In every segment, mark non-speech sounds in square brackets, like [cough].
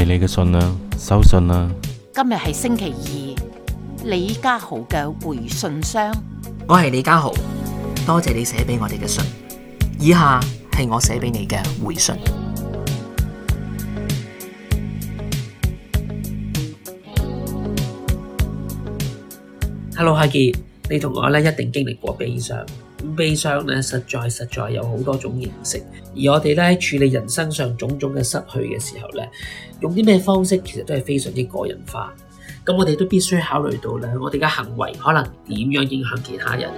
係你嘅信啦，收信啦。今日係星期二，李家豪嘅回信箱。我係李家豪，多謝你寫俾我哋嘅信。以下係我寫俾你嘅回信。Hello，夏杰，你同我咧一定經歷過悲傷。咁悲傷咧，實在實在有好多種形式。而我哋咧喺處理人生上種種嘅失去嘅時候咧，用啲咩方式其實都係非常之個人化。咁我哋都必須考慮到咧，我哋嘅行為可能點樣影響其他人。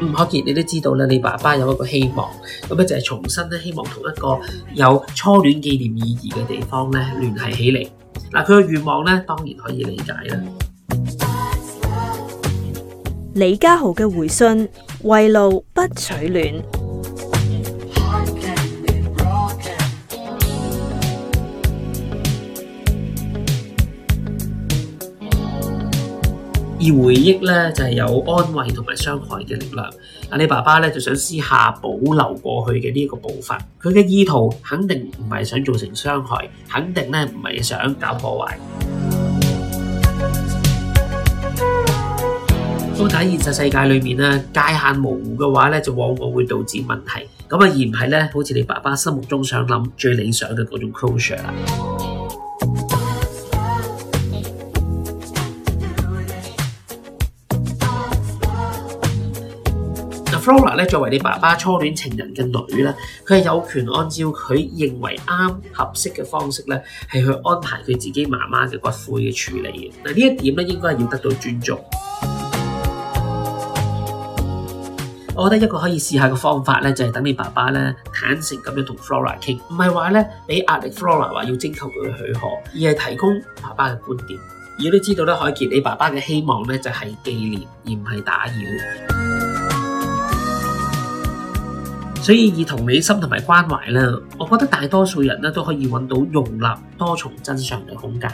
嗯，家豪，你都知道啦，你爸爸有一個希望，咁啊就係重新咧希望同一個有初戀紀念意義嘅地方咧聯繫起嚟。嗱，佢嘅願望咧當然可以理解啦。李家豪嘅回信：為路不取暖。而回憶咧就係有安慰同埋傷害嘅力量。嗱，你爸爸咧就想私下保留過去嘅呢個部分，佢嘅意圖肯定唔係想造成傷害，肯定咧唔係想搞破壞。當喺現實世界裏面咧，界限模糊嘅話咧，就往往會導致問題。咁啊，而唔係咧，好似你爸爸心目中想諗最理想嘅嗰種 closure 啦。嗱，Flora 咧作為你爸爸初戀情人嘅女咧，佢係有權按照佢認為啱合適嘅方式咧，係去安排佢自己媽媽嘅骨灰嘅處理嘅。嗱，呢一點咧，應該係要得到尊重。我覺得一個可以試下嘅方法咧，就係等你爸爸咧坦誠咁樣同 Flora 傾，唔係話咧你壓力 Flora 話要徵求佢嘅許可，而係提供爸爸嘅觀點。而都知道咧，海傑你爸爸嘅希望咧就係紀念，而唔係打擾。所以以同理心同埋關懷咧，我覺得大多數人咧都可以揾到容納多重真相嘅空間。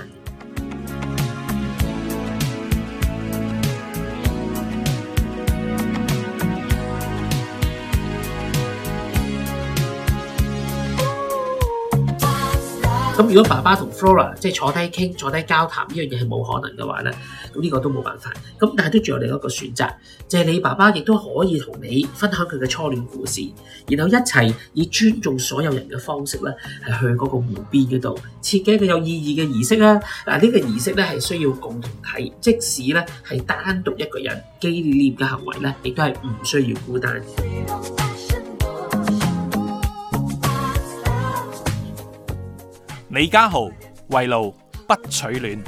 咁如果爸爸同 Flora 即係坐低傾、坐低交談呢樣嘢係冇可能嘅話咧，咁呢個都冇辦法。咁但係都仲有另一個選擇，就係你爸爸亦都可以同你分享佢嘅初戀故事，然後一齊以尊重所有人嘅方式呢係去嗰個湖邊嗰度設計一個有意義嘅儀式啦。嗱，呢個儀式呢係需要共同體，即使呢係單獨一個人紀念嘅行為呢亦都係唔需要孤單。李家豪圍爐不取暖，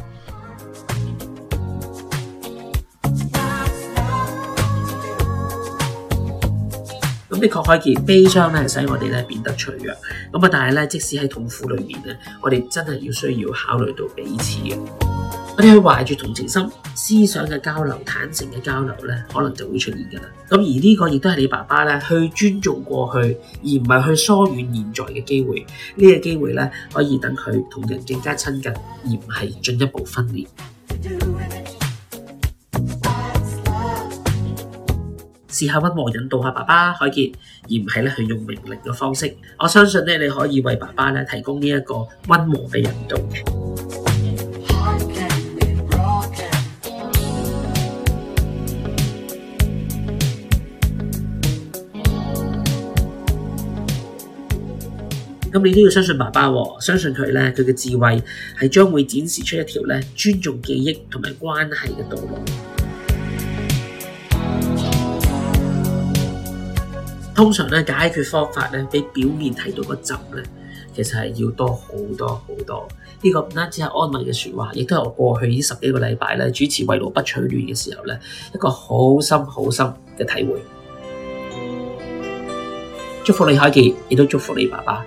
咁的確可以悲傷咧使我哋咧變得脆弱。咁啊，但係咧，即使喺痛苦裏面咧，我哋真係要需要考慮到彼此嘅。我哋去懷住同情心、思想嘅交流、坦誠嘅交流咧，可能就會出現噶啦。咁而呢個亦都係你爸爸咧去尊重過去，而唔係去疏遠現在嘅機會。呢個機會咧可以等佢同人更加親近，而唔係進一步分裂。試下溫和引導下爸爸，海杰，而唔係咧去用命令嘅方式。我相信咧，你可以為爸爸咧提供呢一個溫和嘅引導。咁你都要相信爸爸，哦，相信佢咧，佢嘅智慧係將會展示出一條咧尊重記憶同埋關係嘅道路。 [music] 通常咧，解決方法咧，比表面睇到個陣咧，其實係要多好多好多。呢、這個唔單止係安慰嘅說話，亦都係我過去呢十幾個禮拜咧主持為羅不取暖嘅時候咧，一個好深好深嘅體會。 [music] 祝福你海杰，亦都祝福你爸爸。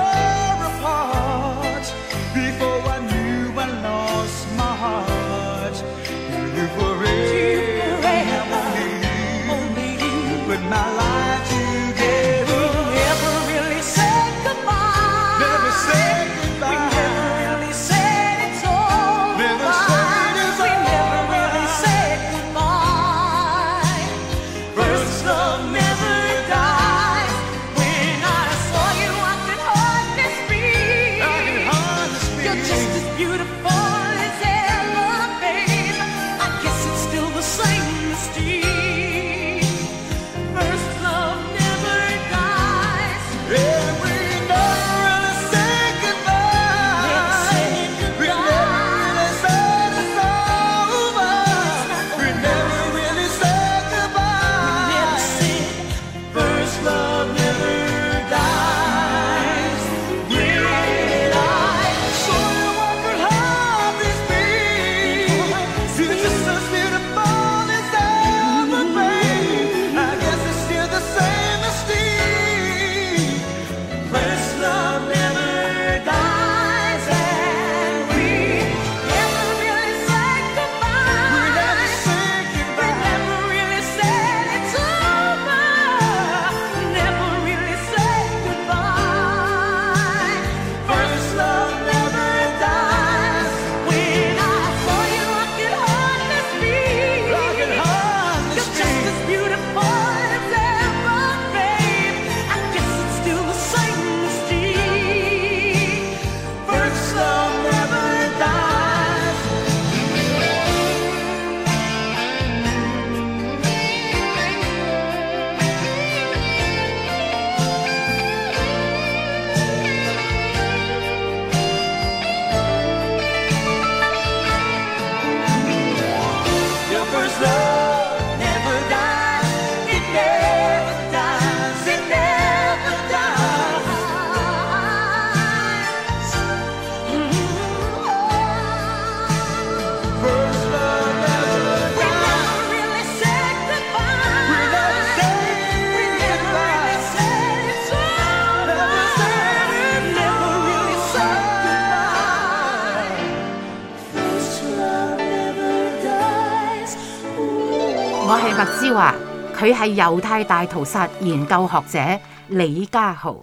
白芝華，佢係猶太大屠殺研究學者李家豪。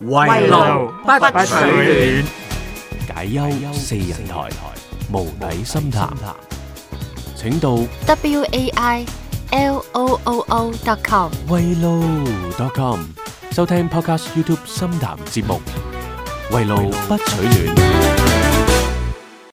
圍爐不取暖，解憂四人台台無底深談，請到 wailoo.com 圍爐 .com 收聽 podcast YouTube 深談節目，圍爐不取暖。